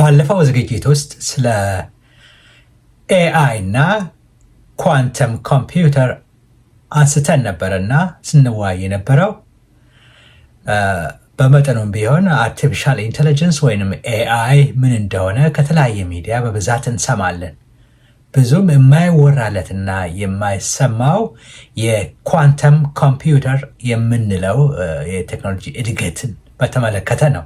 ባለፈው ዝግጅት ውስጥ ስለ ኤአይ እና ኳንተም ኮምፒውተር አንስተን ነበረና ስንወያይ የነበረው በመጠኑም ቢሆን አርቲፊሻል ኢንቴሊጀንስ ወይንም ኤአይ ምን እንደሆነ ከተለያየ ሚዲያ በብዛት እንሰማለን። ብዙም የማይወራለትና የማይሰማው የኳንተም ኮምፒውተር የምንለው የቴክኖሎጂ እድገትን በተመለከተ ነው።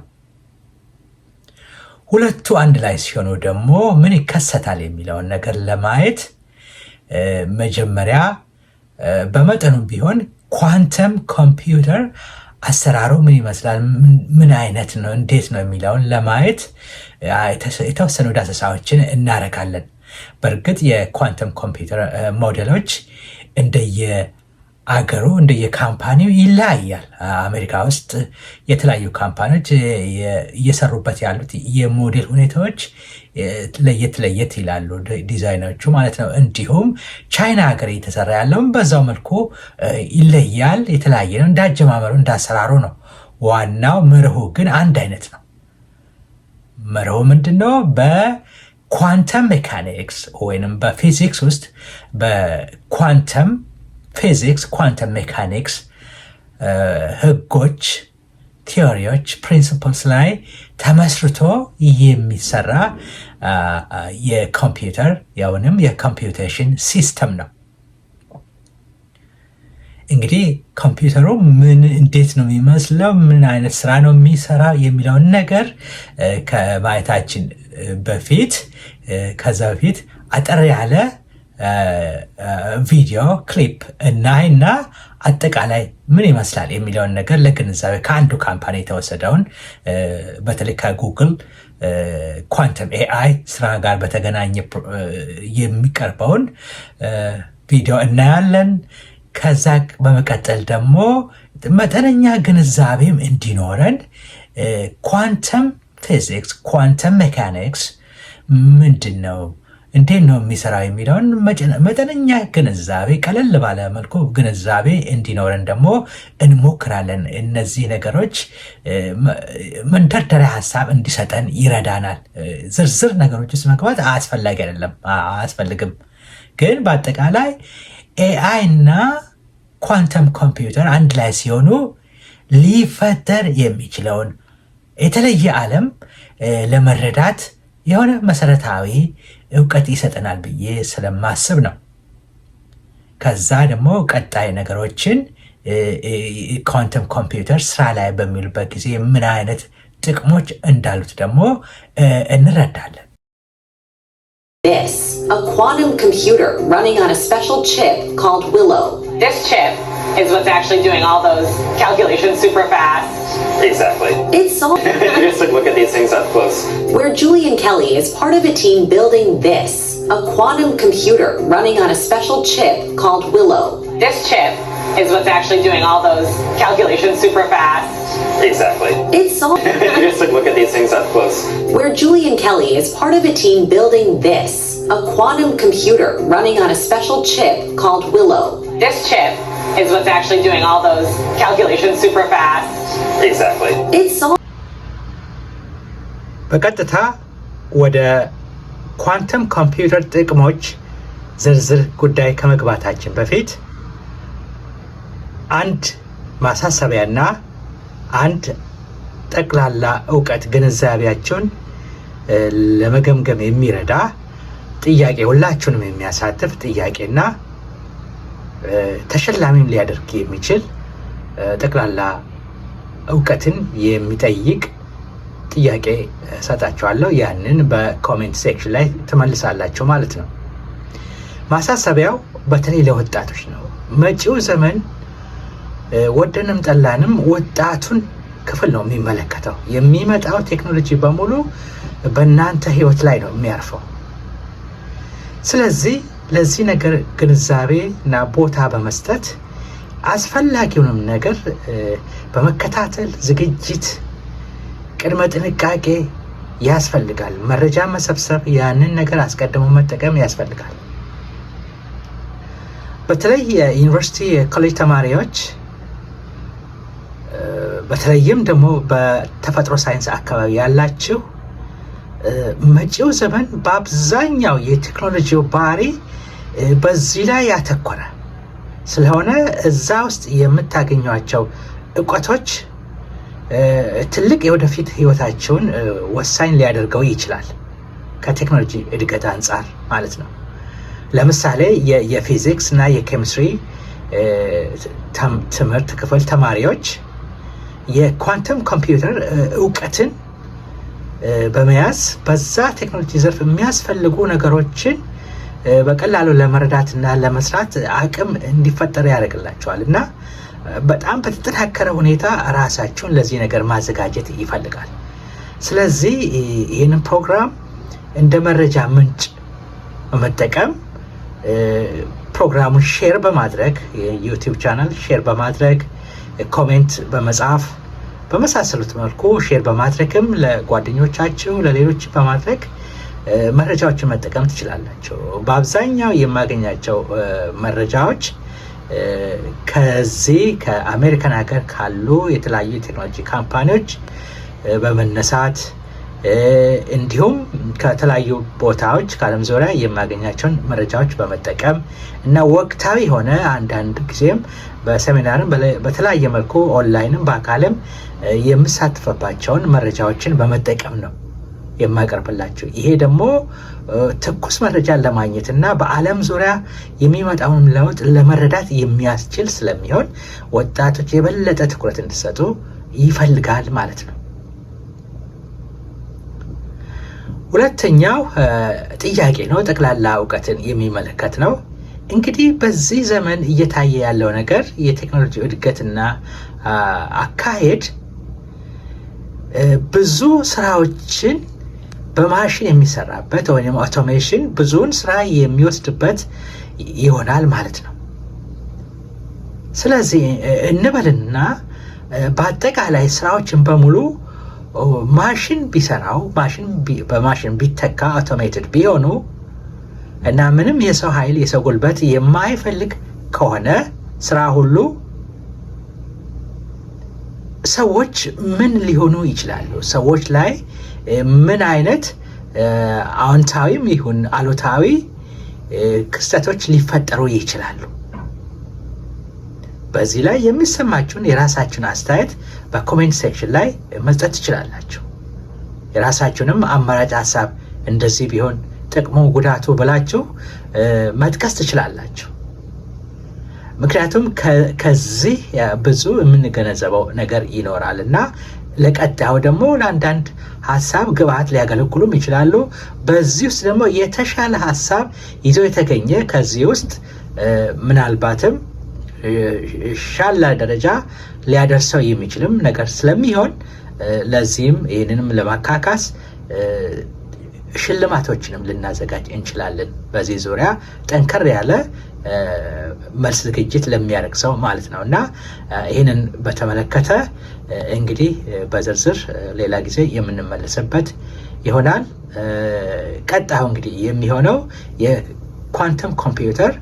ሁለቱ አንድ ላይ ሲሆኑ ደግሞ ምን ይከሰታል የሚለውን ነገር ለማየት መጀመሪያ በመጠኑም ቢሆን ኳንተም ኮምፒውተር አሰራሩ ምን ይመስላል፣ ምን አይነት ነው፣ እንዴት ነው የሚለውን ለማየት የተወሰኑ ዳሰሳዎችን እናደርጋለን። በእርግጥ የኳንተም ኮምፒውተር ሞዴሎች እንደየ አገሩ እንደየካምፓኒው ይለያያል። አሜሪካ ውስጥ የተለያዩ ካምፓኒዎች እየሰሩበት ያሉት የሞዴል ሁኔታዎች ለየት ለየት ይላሉ፣ ዲዛይኖቹ ማለት ነው። እንዲሁም ቻይና ሀገር እየተሰራ ያለውም በዛው መልኩ ይለያል፣ የተለያየ ነው። እንዳጀማመሩ እንዳሰራሩ ነው። ዋናው መርሁ ግን አንድ አይነት ነው። መርሆ ምንድን ነው? በኳንተም ሜካኒክስ ወይንም በፊዚክስ ውስጥ በኳንተም ፊዚክስ፣ ኳንተም ሜካኒክስ ህጎች፣ ቲዮሪዎች ፕሪንስፕልስ ላይ ተመስርቶ የሚሰራ uh, uh, የኮምፒውተር ያውንም የኮምፒውቴሽን ሲስተም ነው። እንግዲህ ኮምፒውተሩ ምን እንዴት ነው የሚመስለው፣ ምን አይነት ስራ ነው የሚሰራ የሚለውን ነገር uh, ከማየታችን በፊት ከዛ በፊት አጠር ያለ ቪዲዮ ክሊፕ እናይና አጠቃላይ ምን ይመስላል የሚለውን ነገር ለግንዛቤ ከአንዱ ካምፓኒ የተወሰደውን በተለይ ከጉግል ኳንተም ኤአይ ስራ ጋር በተገናኘ የሚቀርበውን ቪዲዮ እናያለን። ከዛ በመቀጠል ደግሞ መጠነኛ ግንዛቤም እንዲኖረን ኳንተም ፊዚክስ ኳንተም ሜካኒክስ ምንድን ነው እንዴት ነው የሚሰራው የሚለውን መጠነኛ ግንዛቤ ቀለል ባለ መልኩ ግንዛቤ እንዲኖረን ደግሞ እንሞክራለን። እነዚህ ነገሮች መንደርደሪያ ሀሳብ እንዲሰጠን ይረዳናል። ዝርዝር ነገሮች ውስጥ መግባት አስፈላጊ አይደለም፣ አያስፈልግም። ግን በአጠቃላይ ኤአይ እና ኳንተም ኮምፒውተር አንድ ላይ ሲሆኑ ሊፈጠር የሚችለውን የተለየ ዓለም ለመረዳት የሆነ መሰረታዊ እውቀት ይሰጠናል ብዬ ስለማስብ ነው። ከዛ ደግሞ ቀጣይ ነገሮችን ኳንተም ኮምፒውተር ስራ ላይ በሚውልበት ጊዜ ምን አይነት ጥቅሞች እንዳሉት ደግሞ እንረዳለን። This, a quantum computer running on a special chip called Willow. This chip is what's actually doing all those calculations super fast. Exactly. It's so. Just like look at these things up close. Where Julie and Kelly is part of a team building this, a quantum computer running on a special chip called Willow. This chip is what's actually doing all those calculations super fast. Exactly. It's so. Just like look at these things up close. Where Julie and Kelly is part of a team building this, a quantum computer running on a special chip called Willow. This chip is what's actually doing all those calculations super fast. Exactly. It's all በቀጥታ ወደ ኳንተም ኮምፒውተር ጥቅሞች ዝርዝር ጉዳይ ከመግባታችን በፊት አንድ ማሳሰቢያና አንድ ጠቅላላ እውቀት ግንዛቤያቸውን ለመገምገም የሚረዳ ጥያቄ ሁላችሁንም የሚያሳትፍ ጥያቄና ተሸላሚም ሊያደርግ የሚችል ጠቅላላ እውቀትን የሚጠይቅ ጥያቄ እሰጣቸዋለሁ። ያንን በኮሜንት ሴክሽን ላይ ትመልሳላቸው ማለት ነው። ማሳሰቢያው በተለይ ለወጣቶች ነው። መጪው ዘመን ወደንም ጠላንም ወጣቱን ክፍል ነው የሚመለከተው። የሚመጣው ቴክኖሎጂ በሙሉ በእናንተ ሕይወት ላይ ነው የሚያርፈው። ስለዚህ ለዚህ ነገር ግንዛቤ እና ቦታ በመስጠት አስፈላጊውንም ነገር በመከታተል ዝግጅት፣ ቅድመ ጥንቃቄ ያስፈልጋል። መረጃ መሰብሰብ፣ ያንን ነገር አስቀድሞ መጠቀም ያስፈልጋል። በተለይ የዩኒቨርሲቲ የኮሌጅ ተማሪዎች በተለይም ደግሞ በተፈጥሮ ሳይንስ አካባቢ ያላችሁ መጪው ዘመን በአብዛኛው የቴክኖሎጂው ባህሪ በዚህ ላይ ያተኮረ ስለሆነ እዛ ውስጥ የምታገኟቸው እውቀቶች ትልቅ የወደፊት ህይወታቸውን ወሳኝ ሊያደርገው ይችላል። ከቴክኖሎጂ እድገት አንጻር ማለት ነው። ለምሳሌ የፊዚክስ እና የኬሚስትሪ ትምህርት ክፍል ተማሪዎች የኳንተም ኮምፒውተር እውቀትን በመያዝ በዛ ቴክኖሎጂ ዘርፍ የሚያስፈልጉ ነገሮችን በቀላሉ ለመረዳት እና ለመስራት አቅም እንዲፈጠር ያደርግላቸዋል እና በጣም በተጠናከረ ሁኔታ ራሳችሁን ለዚህ ነገር ማዘጋጀት ይፈልጋል። ስለዚህ ይህንን ፕሮግራም እንደ መረጃ ምንጭ በመጠቀም ፕሮግራሙን ሼር በማድረግ የዩቲዩብ ቻናል ሼር በማድረግ ኮሜንት በመጻፍ በመሳሰሉት መልኩ ሼር በማድረግም ለጓደኞቻችሁ ለሌሎች በማድረግ መረጃዎችን መጠቀም ትችላላቸው በአብዛኛው የማገኛቸው መረጃዎች ከዚህ ከአሜሪካን ሀገር ካሉ የተለያዩ የቴክኖሎጂ ካምፓኒዎች በመነሳት እንዲሁም ከተለያዩ ቦታዎች ከዓለም ዙሪያ የማገኛቸውን መረጃዎች በመጠቀም እና ወቅታዊ የሆነ አንዳንድ ጊዜም በሰሚናርም በተለያየ መልኩ ኦንላይንም በአካልም የምሳትፈባቸውን መረጃዎችን በመጠቀም ነው የማቀርብላቸው። ይሄ ደግሞ ትኩስ መረጃን ለማግኘት እና በዓለም ዙሪያ የሚመጣውን ለውጥ ለመረዳት የሚያስችል ስለሚሆን ወጣቶች የበለጠ ትኩረት እንዲሰጡ ይፈልጋል ማለት ነው። ሁለተኛው ጥያቄ ነው፣ ጠቅላላ እውቀትን የሚመለከት ነው። እንግዲህ በዚህ ዘመን እየታየ ያለው ነገር የቴክኖሎጂ እድገትና አካሄድ ብዙ ስራዎችን በማሽን የሚሰራበት ወይም አውቶሜሽን ብዙውን ስራ የሚወስድበት ይሆናል ማለት ነው። ስለዚህ እንበልና በአጠቃላይ ስራዎችን በሙሉ ማሽን ቢሰራው ማሽን በማሽን ቢተካ አውቶሜትድ ቢሆኑ እና ምንም የሰው ኃይል የሰው ጉልበት የማይፈልግ ከሆነ ስራ ሁሉ ሰዎች ምን ሊሆኑ ይችላሉ? ሰዎች ላይ ምን አይነት አዎንታዊም ይሁን አሉታዊ ክስተቶች ሊፈጠሩ ይችላሉ? በዚህ ላይ የሚሰማችሁን የራሳችሁን አስተያየት በኮሜንት ሴክሽን ላይ መስጠት ትችላላችሁ። የራሳችሁንም አማራጭ ሀሳብ እንደዚህ ቢሆን ጥቅሙ ጉዳቱ ብላችሁ መጥቀስ ትችላላችሁ። ምክንያቱም ከዚህ ብዙ የምንገነዘበው ነገር ይኖራል እና ለቀጣዩ ደግሞ ለአንዳንድ ሀሳብ ግብአት ሊያገለግሉም ይችላሉ። በዚህ ውስጥ ደግሞ የተሻለ ሀሳብ ይዞ የተገኘ ከዚህ ውስጥ ምናልባትም ሻላ ደረጃ ሊያደርሰው የሚችልም ነገር ስለሚሆን ለዚህም ይህንንም ለማካካስ ሽልማቶችንም ልናዘጋጅ እንችላለን። በዚህ ዙሪያ ጠንከር ያለ መልስ ዝግጅት ለሚያደርግ ሰው ማለት ነው እና ይህንን በተመለከተ እንግዲህ በዝርዝር ሌላ ጊዜ የምንመለስበት ይሆናል። ቀጣዩ እንግዲህ የሚሆነው የኳንተም ኮምፒውተር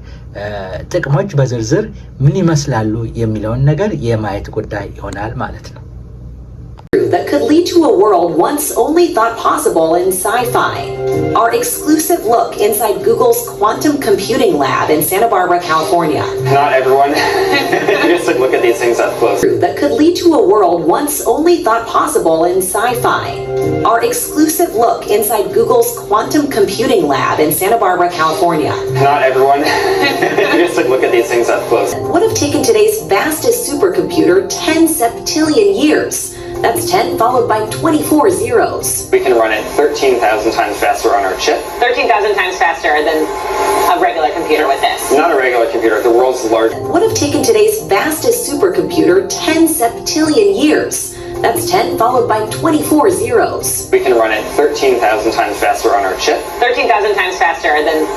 ጥቅሞች በዝርዝር ምን ይመስላሉ የሚለውን ነገር የማየት ጉዳይ ይሆናል ማለት ነው። that could lead to a world once only thought possible in sci fi. Our exclusive look inside Google's quantum computing lab in Santa Barbara, California. Not everyone Just to look at these things up close. That could lead to a world once only thought possible in sci fi. Our exclusive look inside Google's quantum computing lab in Santa Barbara, California. Not everyone Just to look at these things up close. Would have taken today's fastest supercomputer 10 septillion years? That's 10 followed by 24 zeros. We can run it 13,000 times faster on our chip. 13,000 times faster than a regular computer with this. Not a regular computer, the world's largest. Would have taken today's fastest supercomputer 10 septillion years? That's 10 followed by 24 zeros. We can run it 13,000 times faster on our chip. 13,000 times faster than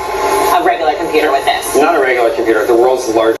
a regular computer with this. Not a regular computer, the world's largest.